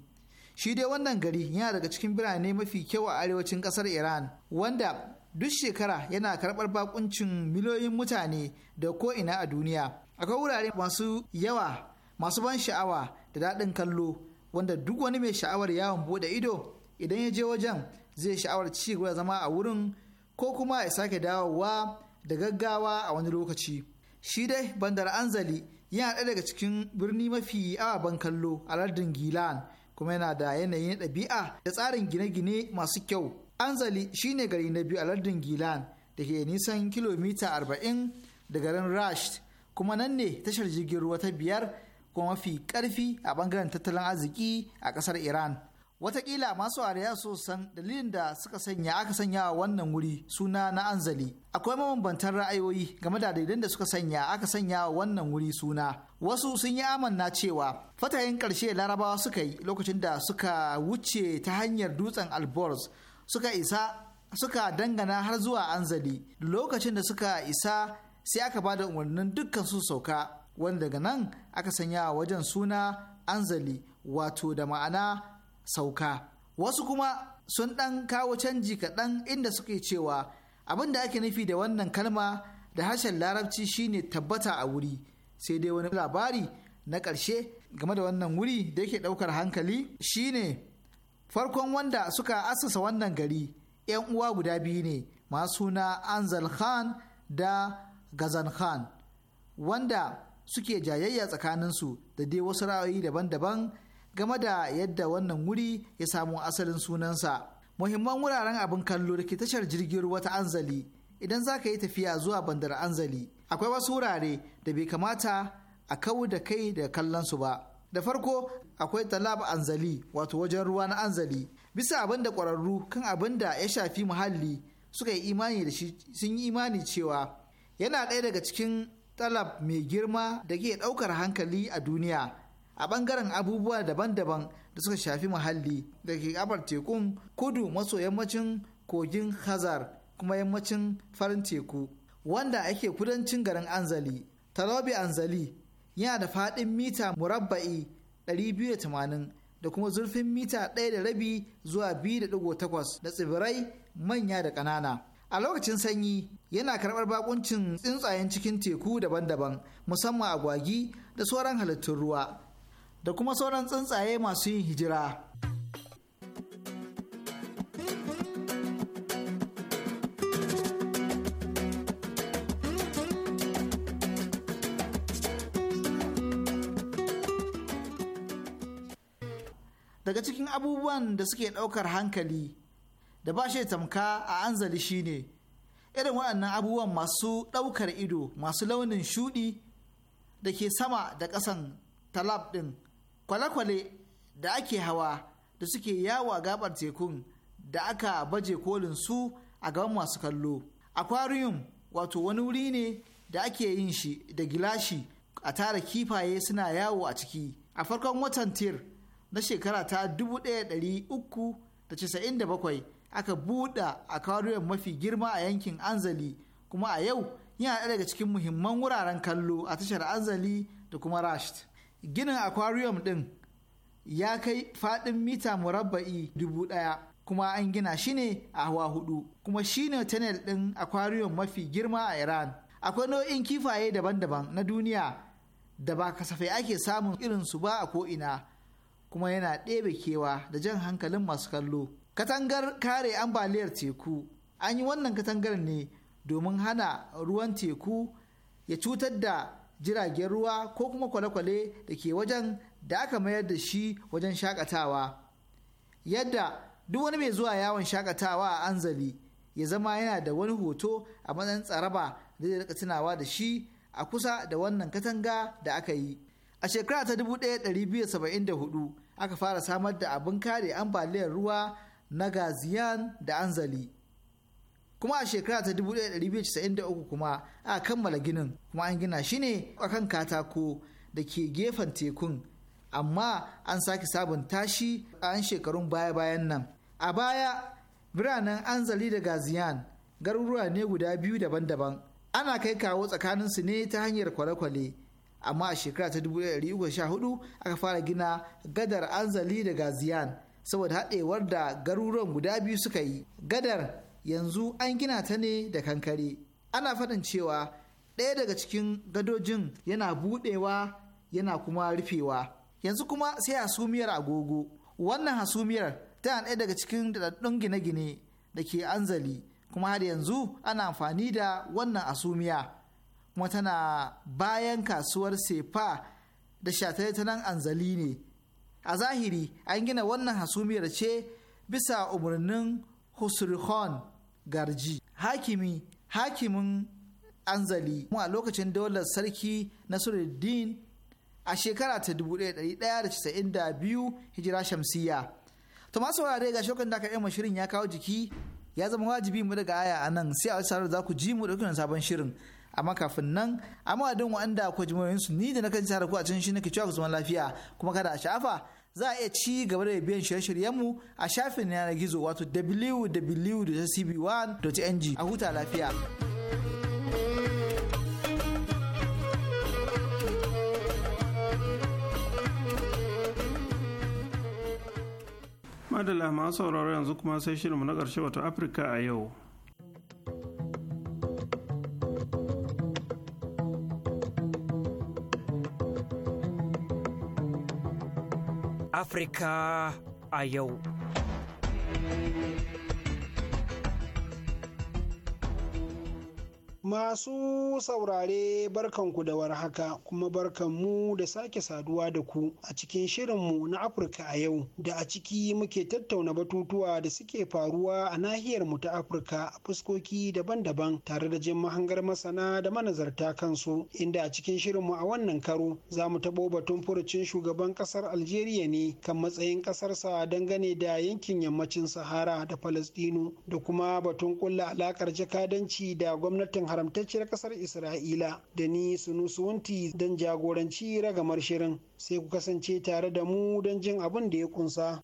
Shi dai wannan gari yana daga cikin birane mafi kyau a arewacin ƙasar Iran, wanda duk shekara yana karɓar bakuncin miliyoyin mutane da ko'ina a duniya. Akwai wurare masu yawa, masu ban sha'awa da daɗin kallo, wanda duk wani mai sha'awar yawon buɗe ido idan ya je wajen zai sha'awar ci gaba zama a wurin ko kuma ya sake dawowa da gaggawa a wani lokaci shi dai bandar anzali yana ɗaya daga cikin birni mafi ababen kallo a lardin gilan kuma yana da yanayin ɗabi'a da tsarin gine-gine masu kyau anzali shi ne gari na biyu a lardin gilan da ke nisan kilomita 40 da garin rasht kuma nan ne tashar jirgin ruwa ta biyar kuma mafi karfi a bangaren tattalin arziki a ƙasar iran Wataƙila masu ariya so san dalilin da suka sanya aka sanya wa wannan wuri suna na anzali akwai mabambantan ra'ayoyi game da dalilin da suka sanya aka sanya wa wannan wuri suna wasu sun yi amanna cewa fatayin ƙarshe larabawa suka yi lokacin da suka wuce ta hanyar dutsen alborz suka isa suka dangana har zuwa anzali lokacin da suka isa sai aka ba da umarnin dukkan su sauka wanda daga nan aka sanya wajen suna anzali wato da ma'ana sauka wasu kuma sun ɗan kawo canji kaɗan inda suke cewa abin da ake nufi da wannan kalma da harshen larabci shine tabbata a wuri sai dai wani labari na ƙarshe game da wannan wuri da yake ɗaukar hankali shine farkon wanda suka asasa wannan gari 'yan uwa guda biyu ne masu na anzal khan da gazan khan wanda suke jayayya tsakaninsu da dai wasu ra'ayi daban-daban game da yadda wannan wuri ya samu asalin sunansa. Muhimman wuraren abin kallo da tashar jirgin ruwa ta Anzali idan za ka yi tafiya zuwa bandar Anzali akwai wasu wurare da bai kamata a kawo da kai da kallon su ba. Da farko akwai talab Anzali wato wajen ruwa na Anzali bisa abin da ƙwararru kan abin da ya shafi muhalli suka yi imani da shi sun yi imani cewa yana ɗaya daga cikin talab mai girma da ke ɗaukar hankali a duniya a bangaren abubuwa daban-daban da suka shafi muhalli da ke gabar tekun kudu maso yammacin kogin hazar kuma yammacin farin teku wanda ake kudancin garin anzali talobi anzali yana da faɗin mita murabba'i 280 da kuma zurfin mita ɗaya da rabi zuwa 2.8 da tsibirai manya da ƙanana a lokacin sanyi yana karɓar bakuncin tsuntsayen cikin teku daban-daban musamman agwagi da sauran halittun ruwa da kuma sauran tsuntsaye masu yin hijira. daga cikin abubuwan da suke ɗaukar hankali da ba shi tamka a anzali shine irin waɗannan abubuwan masu ɗaukar ido masu launin shuɗi da ke sama da ƙasan talab ɗin kwale-kwale da ake hawa da suke yawo a gabar tekun da aka baje kolin su a gaban masu kallo aquarium wato wani wuri ne da ake yin shi da gilashi a tara kifaye suna yawo a ciki a farkon watan tir na shekara ta 1397 aka buɗe aquarium mafi girma a yankin anzali kuma a yau yana daga cikin muhimman wuraren kallo a tashar anzali da kuma rasht ginin aquarium ɗin ya kai faɗin mita murabba'i dubu ɗaya kuma an gina shi ne a hawa hudu kuma shi ne tunnel ɗin aquarium mafi girma a iran akwai nau'in kifaye daban-daban na duniya da ba kasafai ake samun irinsu ba a ko'ina kuma yana ɗebe kewa da jan hankalin masu kallo katangar kare ambaliyar teku an yi wannan katangar ne domin hana ruwan teku ya cutar da jiragen ruwa ko kuma kwale-kwale da ke wajen da aka mayar da shi wajen shakatawa yadda duk wani mai zuwa yawon shakatawa a anzali ya zama yana da wani hoto a matsayin tsaraba da zai rika tunawa da shi a kusa da wannan katanga da aka yi a shekara ta 1274 aka fara samar da abin kare ambaliyar ruwa na gaziyan da anzali kuma a shekara ta 1993 kuma a kammala ginin kuma an gina shi ne a kan katako da ke gefen tekun amma an sake sabunta shi a yan shekarun baya-bayan nan a baya biranen anzali da gaziyan garuruwa ne guda biyu daban-daban ana kai kawo su ne ta hanyar kwale-kwale amma a shekara ta 1314 aka fara gina gadar anzali da gaziyan saboda haɗewar da garuruwan guda biyu suka yi gadar yanzu an gina ta ne da kankare ana faɗin cewa ɗaya daga cikin gadojin yana buɗewa yana kuma rufewa yanzu kuma sai hasumiyar agogo wannan hasumiyar tana ɗaya daga cikin daɗaɗɗun gine-gine da ke anzali kuma har yanzu ana amfani da wannan hasumiya kuma tana bayan kasuwar sefa da shatare ta nan anzali ne a zahiri an gina wannan hasumiyar ce bisa umarnin Husri garji hakimi hakimin anzali a lokacin daular sarki nasiruddin a shekara ta 1192 hijira shamsiya to masu wurare ga shokan da aka yi shirin ya kawo jiki ya zama wajibi mu daga aya a nan sai a wasu sarar za ku ji mu ɗauki sabon shirin amma kafin nan amma wadin wa'anda ku ji ni da na kan ku a cikin shi nake cewa ku zama lafiya kuma kada a sha'afa za a iya ci gaba da biyan shirye-shiryenmu a shafin yanar gizo wato www.cb1.ng a huta lafiya. Madalla masu sauraro yanzu kuma sai shirinmu na ƙarshe wato Afirka a yau. Afirka a yau. Masu saurare barkanku da warhaka kuma barkanmu da sake saduwa da ku a cikin shirin mu na Afirka a yau da a ciki muke tattauna batutuwa da suke faruwa a nahiyar mu ta Afirka a fuskoki daban-daban tare da jin mahangar masana da manazarta kansu inda a cikin shirin mu a wannan karo za mu taɓo batun furucin shugaban ƙasar Algeria ne kan matsayin ƙasarsa dangane da yankin yammacin Sahara da Falasɗinu da kuma batun ƙulla alaƙar jakadanci da gwamnatin haramtacciyar kasar isra'ila da ni sunusuwanti don jagoranci ragamar shirin sai ku kasance tare da mu don jin abin da ya kunsa.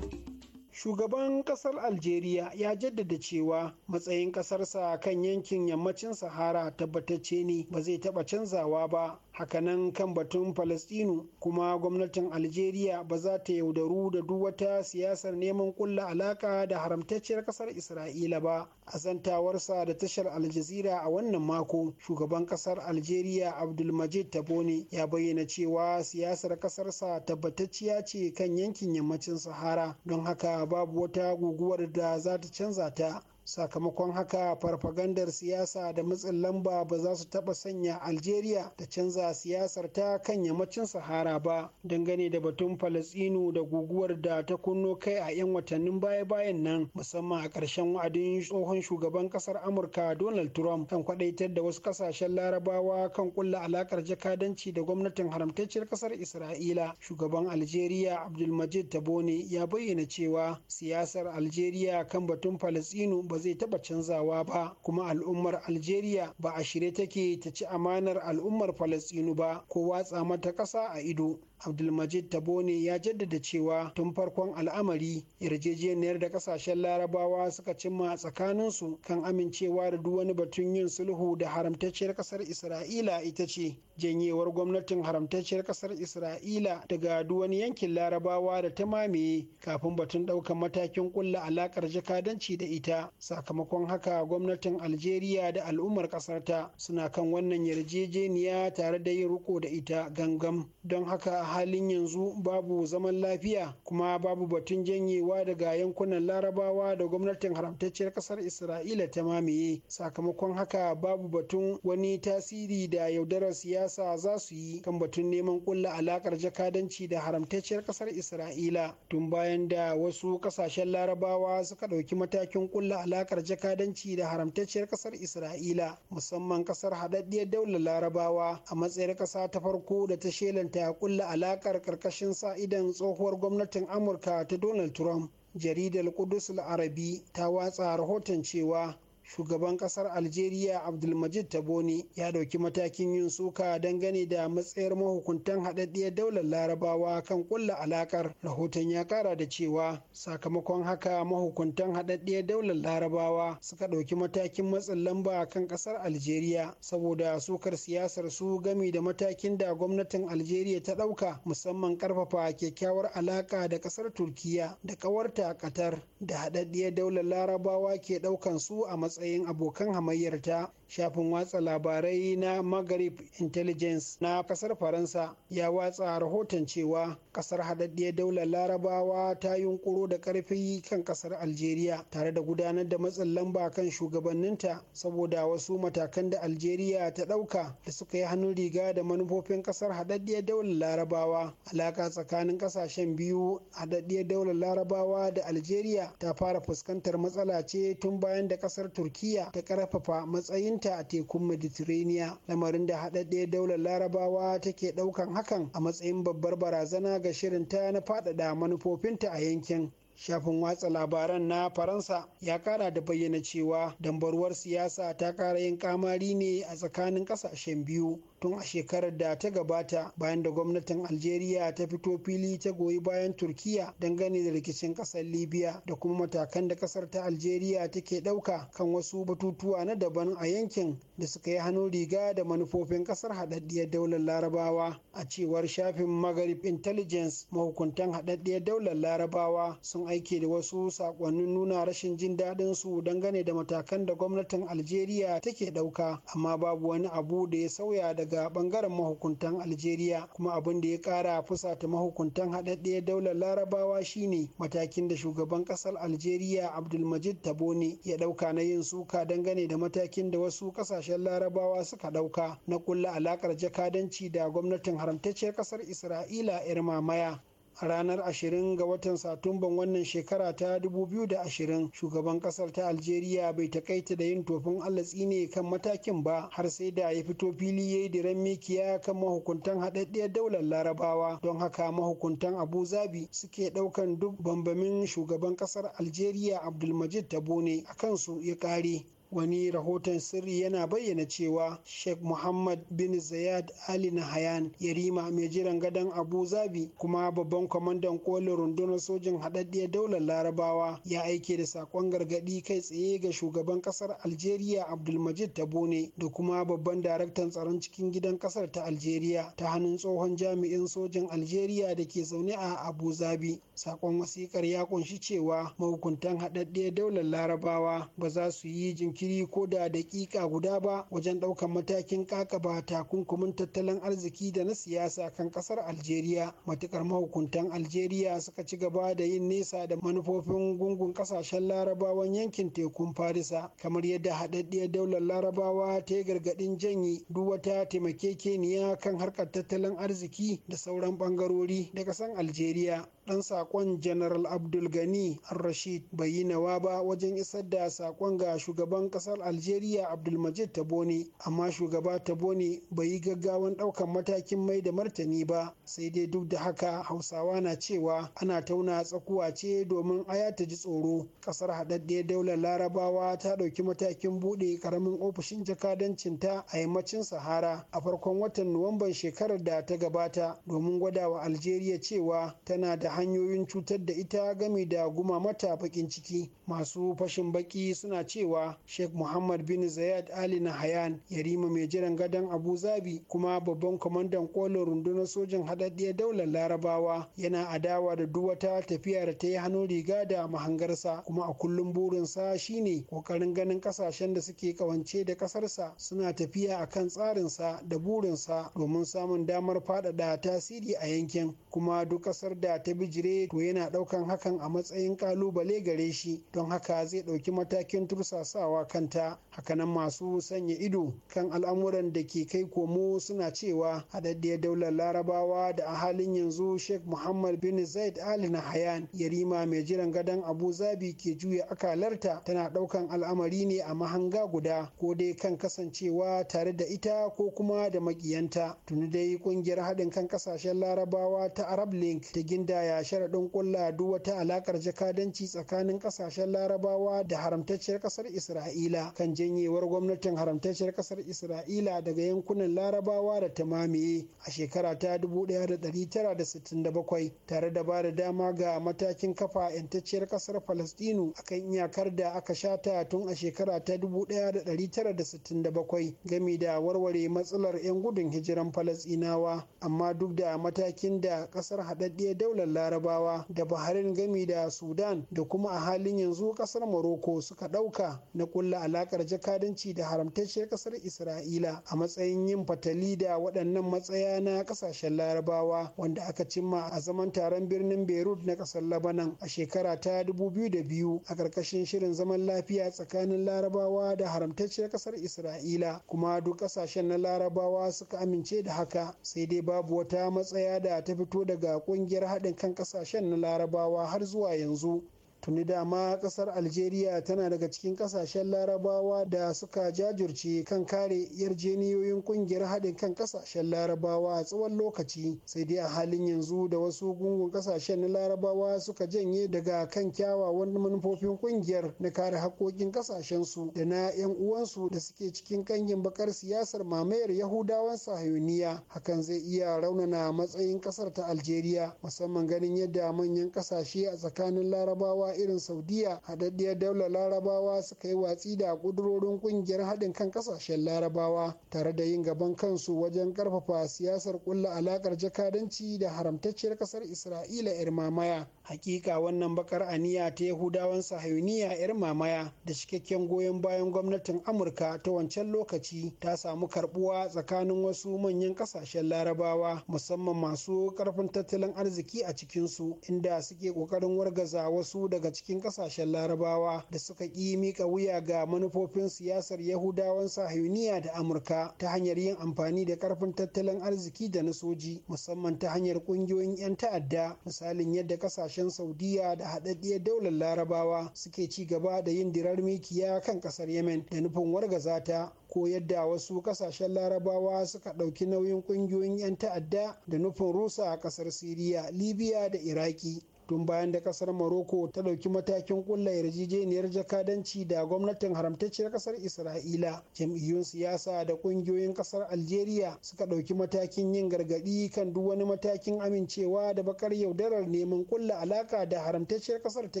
shugaban kasar algeria ya jaddada cewa matsayin kasarsa kan yankin yammacin sahara tabbatacce ne ba zai taba canzawa ba hakanan kan batun falastinu kuma gwamnatin algeria ba za ta yaudaru da duk wata siyasar neman kulla alaka da haramtacciyar kasar isra'ila ba a zantawarsa da tashar aljazira a wannan mako shugaban kasar algeria abdulmajid tabone ya bayyana cewa siyasar kasarsa tabbatacciya ce kan yankin yammacin sahara don haka babu wata guguwar da za ta canza ta sakamakon haka farfagandar siyasa da matsin lamba ba za su taɓa sanya algeria ta canza siyasar ta kan yammacin sahara ba dangane da batun falasinu da guguwar da ta kunno kai a 'yan watannin baya-bayan nan musamman a ƙarshen wa'adin tsohon shugaban ƙasar amurka donald trump kan kwadaitar da wasu ƙasashen larabawa kan kulla alaƙar jakadanci da gwamnatin haramtacciyar ƙasar isra'ila shugaban algeria abdulmajid tabone ya bayyana cewa siyasar algeria kan batun falasinu ba ba zai taɓa canzawa ba kuma al'ummar algeria ba a shirye take ta ci amanar al'ummar falastinu ba ko watsa mata ƙasa a ido abdulmajid tabone ya jaddada cewa tun farkon al'amari yarjejeniyar da kasashen larabawa suka cimma tsakaninsu kan amincewa da duk wani batun yin sulhu da haramtacciyar kasar isra'ila ita ce janyewar gwamnatin haramtacciyar kasar isra'ila daga duk wani yankin larabawa da ta mamaye kafin batun ɗaukar matakin ƙulla alaƙar jakadanci da ita sakamakon haka gwamnatin algeria da al'ummar ƙasarta. suna kan wannan yarjejeniya tare da yin riko da ita gangam don haka halin yanzu babu zaman lafiya kuma babu batun janyewa daga yankunan larabawa da gwamnatin haramtacciyar kasar isra'ila ta mamaye sakamakon haka babu batun wani tasiri da yaudarar siyasa za su yi kan batun neman kulla alakar jakadanci da haramtacciyar kasar isra'ila tun bayan da wasu kasashen larabawa suka ɗauki matakin kulla alakar jakadanci da haramtacciyar kasar isra'ila musamman kasar haɗaɗɗiyar daular larabawa a matsayin ƙasa ta farko da ta shelanta kulla alakar karkashin sa'idan tsohuwar gwamnatin amurka ta donald trump jaridar kudus al'arabi ta watsa rahoton cewa shugaban kasar algeria abdulmajid taboni ya dauki matakin yin suka dangane da matsayar mahukuntan haɗaɗɗiyar daular larabawa kan kulla alakar rahoton ya kara da cewa sakamakon haka mahukuntan haɗaɗɗiyar daular larabawa suka ɗauki matakin matsin lamba kan ƙasar algeria saboda sukar siyasar su gami da matakin da gwamnatin algeria ta ɗauka musamman ƙarfafa kyakkyawar alaƙa da ƙasar turkiya da kawarta qatar da haɗaɗɗiyar daular larabawa ke ɗaukan su a matsayin matsayin abokan hamayyarta shafin watsa labarai na maghrib intelligence na kasar faransa ya watsa rahoton cewa kasar haɗaɗɗiyar daular larabawa ta yunkuro da ƙarfi kan kasar algeria tare da gudanar da matsin lamba kan shugabanninta saboda wasu matakan da algeria ta ɗauka da suka yi hannun riga da manufofin kasar haɗaɗɗiyar daular larabawa alaƙa tsakanin ƙasashen biyu haɗaɗɗiyar daular larabawa da algeria ta fara fuskantar matsala ce tun bayan da kasar turkiya ta ƙarfafa matsayin kanta a tekun mediterranean lamarin da haɗaɗɗe daular larabawa take ɗaukan hakan a matsayin babbar barazana ga shirin shirinta na faɗaɗa manufofinta a yankin shafin watsa labaran na faransa ya kara da bayyana cewa dambarwar siyasa ta kara yin kamari ne a tsakanin ƙasashen biyu tun a shekarar da ta gabata bayan da gwamnatin algeria ta fito fili ta goyi bayan turkiya dangane da rikicin kasar libya da kuma matakan da kasar ta algeria take ɗauka kan wasu batutuwa na daban a yankin da suka yi hannun riga da manufofin kasar haɗaɗɗiyar daular larabawa a cewar shafin maghrib intelligence mahukuntan haɗaɗɗiyar daular larabawa sun aike da wasu saƙonnin nuna rashin jin daɗin su dangane da matakan da gwamnatin algeria take ɗauka amma babu wani abu da ya sauya daga daga bangaren mahukuntan algeria kuma abin da ya kara fusata mahukuntan haɗaɗɗiyar daular larabawa shine matakin da shugaban ƙasar algeria abdulmajid tabone ya ɗauka na yin suka dangane da matakin da wasu ƙasashen larabawa suka ɗauka na kulla alaƙar jakadanci da gwamnatin haramtacciyar ƙasar isra'ila yar mamaya a ranar 20 ga watan satumban wannan shekara ta 2020 shugaban kasar ta algeria bai takaita da yin tofin allatsi ne kan matakin ba har sai da ya fito fili ya yi diren mikiya kan mahukuntan haɗaɗɗiyar daular larabawa don haka mahukuntan abu zabi suke ɗaukan duk bambamin shugaban kasar algeria abdulmajid tabone a kansu ya ƙare wani rahoton sirri yana bayyana cewa sheikh muhammad bin zayed ali nahayan yarima mai jiran gadon abu zabi kuma babban kwamandan kolin rundunar sojin haɗaɗɗiyar daular larabawa ya aike da saƙon gargaɗi kai tsaye ga shugaban ƙasar algeria abdulmajid tabone da kuma babban daraktan tsaron cikin gidan ƙasar ta algeria ta hannun tsohon jami'in sojin algeria da ke zaune a abu zabi saƙon wasiƙar ya ƙunshi cewa mahukuntan haɗaɗɗiyar daular larabawa ba za su yi jinkirin jinkiri ko da dakika guda ba wajen ɗaukar matakin kakaba takunkumin tattalin arziki da na siyasa kan ƙasar algeria matukar mahukuntan algeria suka ci gaba da yin nesa da manufofin gungun ƙasashen larabawan yankin tekun farisa kamar yadda haɗaɗɗiyar daular larabawa ta yi gargaɗin janye duk wata taimakekeniya kan harkar tattalin arziki da sauran ɓangarori daga san algeria ɗan saƙon General Abdul Gani Rashid bai yi nawa ba wajen isar da sakon ga shugaban ƙasar Algeria Abdulmajid Taboni amma shugaba Taboni bai yi gaggawan ɗaukan matakin mai da martani ba, sai dai duk da haka Hausawa na cewa ana tauna tsakuwa ce domin aya ta ji tsoro. Ƙasar haɗaɗɗiyar daular Larabawa ta ɗauki matakin buɗe ƙaramin ofishin jakadancinta a yammacin Sahara a farkon watan Nuwamban shekarar da ta gabata domin gwada wa Algeria cewa tana da hanyoyin cutar da ita game da guma mata bakin ciki masu fashin baki suna cewa sheikh muhammad bin zayed ali Nahyan, yarima mai jiran gadon abu zabi kuma babban kwamandan kolin rundunar sojin haɗaɗɗiyar daular larabawa yana adawa da duk wata tafiya da ta yi hannun riga da mahangarsa kuma a kullum burinsa shine kokarin ganin ƙasashen da suke kawance da ƙasarsa, suna tafiya a kan tsarinsa da burinsa domin samun damar faɗaɗa tasiri a yankin kuma duk ƙasar da ta bijire to yana ɗaukan hakan a matsayin ƙalubale gare shi don haka zai ɗauki matakin tursasawa kanta hakanan masu sanya ido kan al'amuran da ke kai komo suna cewa haɗaɗɗiyar daular larabawa da a halin yanzu sheikh muhammad bin zaid ali na hayan yarima mai jiran gadon abu zabi ke juya akalarta tana ɗaukan al'amari ne a mahanga guda ko dai kan kasancewa tare da ita ko kuma da makiyanta tuni dai kungiyar haɗin kan ƙasashen larabawa ta arab link ta gindaya sharaɗin ƙulla duk wata alaƙar jakadanci tsakanin ƙasashen kasashen larabawa da haramtacciyar kasar isra'ila kan janyewar gwamnatin haramtacciyar kasar isra'ila daga yankunan larabawa da ta mamaye a shekara ta 1967 tare da ba da dama ga matakin kafa 'yantacciyar kasar palestinu akan iyakar da aka shata tun a shekara ta 1967 gami da warware matsalar 'yan gudun hijiran palestinawa amma duk da matakin da kasar haɗaɗɗiyar daular larabawa da bahrain gami da sudan da kuma a halin yanzu zo kasar Morocco suka ɗauka na kulla alaƙar jakadanci da haramtacciyar kasar Isra'ila a matsayin yin fatali da waɗannan matsaya na ƙasashen Larabawa wanda aka cimma a zaman taron birnin Beirut na ƙasar Labanan a shekara ta 2002 a ƙarƙashin shirin zaman lafiya tsakanin Larabawa da haramtacciyar kasar Isra'ila kuma duk ƙasashen na Larabawa suka amince da haka sai dai babu wata matsaya da ta fito daga ƙungiyar haɗin kan ƙasashen na Larabawa har zuwa yanzu tuni dama kasar algeria tana daga cikin kasashen larabawa da suka jajirce kan kare yarjeniyoyin kungiyar haɗin kan kasashen larabawa a tsawon lokaci sai dai a halin yanzu da wasu gungun kasashen na larabawa suka janye daga kan kyawawan manufofin kungiyar na kare haƙoƙin su. da na 'yan uwansu da suke cikin kangin bakar siyasar mamayar yahudawan sahayuniya hakan zai iya raunana matsayin kasar ta algeria musamman ganin yadda manyan kasashe a tsakanin larabawa yawa irin saudiya haɗaɗɗiyar daular larabawa suka yi watsi da ƙudurorin ƙungiyar haɗin kan ƙasashen larabawa tare da yin gaban kansu wajen ƙarfafa siyasar ƙulla alaƙar jakadanci da haramtacciyar ƙasar isra'ila irmamaya hakika wannan bakar aniya ta yahudawan sahayuniya yar mamaya da cikakken goyon bayan gwamnatin amurka ta wancan lokaci ta samu karbuwa tsakanin wasu manyan kasashen larabawa musamman masu karfin tattalin arziki a cikinsu inda suke kokarin wargaza wasu daga cikin kasashen larabawa da suka ƙi mika wuya ga manufofin siyasar yahudawan sahayuniya da amurka ta hanyar yin amfani da karfin tattalin arziki da na soji musamman ta hanyar ƙungiyoyin 'yan ta'adda misalin yadda kasashen kasashen saudiya da haɗaɗɗiyar daular larabawa suke ci gaba da yin dirar mikiya kan ƙasar yemen da nufin wargaza ta ko yadda wasu kasashen larabawa suka ɗauki nauyin ƙungiyoyin 'yan ta'adda da nufin rusa a ƙasar siriya libya da iraki tun bayan da kasar Morocco ta ɗauki matakin ƙulla yarjejeniyar jakadanci da gwamnatin haramtacciyar kasar Isra'ila. Jam'iyyun siyasa da ƙungiyoyin kasar Algeria suka ɗauki matakin yin gargadi kan duk wani matakin amincewa da bakar yaudarar neman ƙulla alaka da haramtacciyar kasar ta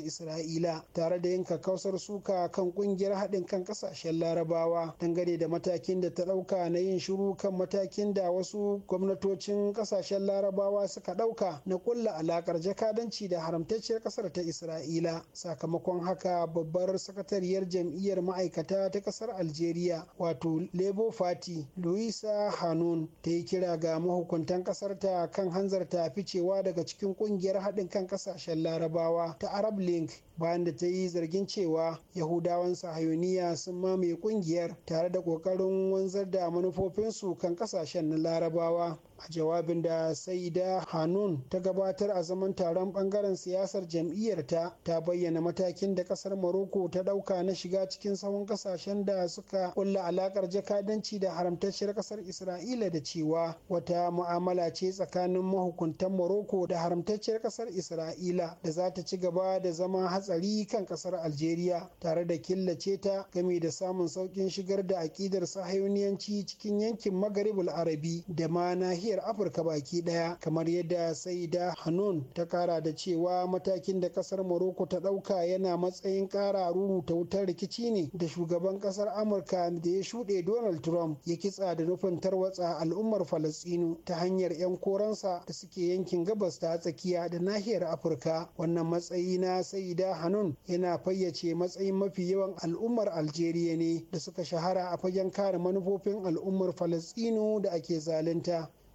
Isra'ila tare da yin kakkausar suka kan ƙungiyar haɗin kan ƙasashen Larabawa dangane da matakin da ta ɗauka na yin shiru kan matakin da wasu gwamnatocin ƙasashen Larabawa suka ɗauka na ƙulla alakar jakadanci da da haramtacciyar kasar ta isra'ila sakamakon haka babbar sakatariyar jam'iyyar ma'aikata ta kasar algeria wato lebo fati luisa hanun ta yi kira ga mahukuntan kasar ta kan hanzarta ficewa daga cikin ƙungiyar haɗin kan ƙasashen larabawa ta arab link bayan da ta yi zargin cewa yahudawan sahayoniya sun mamaye ƙungiyar tare da ƙoƙarin wanzar da manufofinsu kan ƙasashen na larabawa a jawabin da saida hanun ta gabatar a zaman taron bangaren siyasar jam'iyyarta ta bayyana matakin da kasar maroko ta dauka na shiga cikin sauran kasashen da suka kulla alakar jakadanci da haramtacciyar kasar isra'ila da cewa wata mu'amala ce tsakanin mahukuntan maroko da haramtacciyar kasar isra'ila da za ta ci gaba da zama hatsari kan kasar algeria tare da killace ta game da samun saukin shigar da aƙidar sahayuniyanci cikin yankin magharibul arabi da ma nahiya. nahiyar afirka baki daya kamar yadda saida hanun ta kara da cewa matakin da kasar morocco ta dauka yana matsayin kara rubuta wutar rikici ne da shugaban kasar amurka da ya shuɗe donald trump ya kitsa da nufin tarwatsa al'ummar falastinu ta hanyar 'yan koransa da suke yankin gabas ta tsakiya da nahiyar afirka wannan matsayi na saida hanun yana fayyace matsayin mafi yawan al'ummar algeria ne da suka shahara a fagen kare manufofin al'ummar falastinu da ake zalunta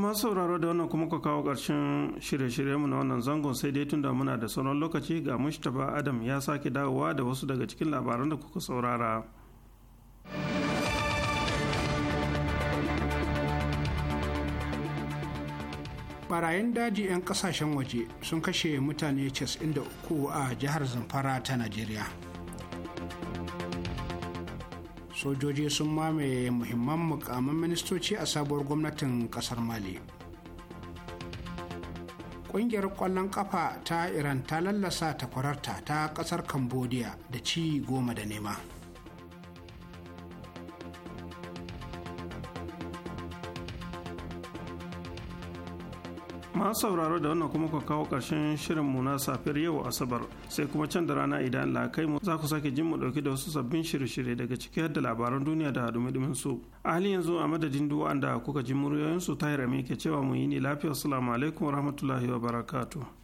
masu sauraro da wannan kuma ka kawo ƙarshen shirye mu na wannan zangon sai dai tunda muna da sauran lokaci ga Mustapha Adam ya sake dawowa da wasu daga cikin labaran da kuka saurara. barayin daji 'yan kasashen waje sun kashe mutane 93 a jihar zamfara ta najeriya sojoji sun mamaye muhimman mukamman ministoci a sabuwar gwamnatin kasar mali kungiyar kwallon kafa ta iran ta lallasa takwararta ta kasar cambodia da ci goma da nema masu sauraro da wannan kuma ka kawo ƙarshen mu na safiyar yau asabar sai kuma can da rana idan la kai mu za ku sake jin mu ɗauki da wasu sabbin shirye-shirye daga ciki da labaran duniya da dumi-dumin su a halin yanzu a madadin duwa da kuka ji muryoyin su tahir ke cewa mu yi ni lafiya assalamu alaikum wa barakatu.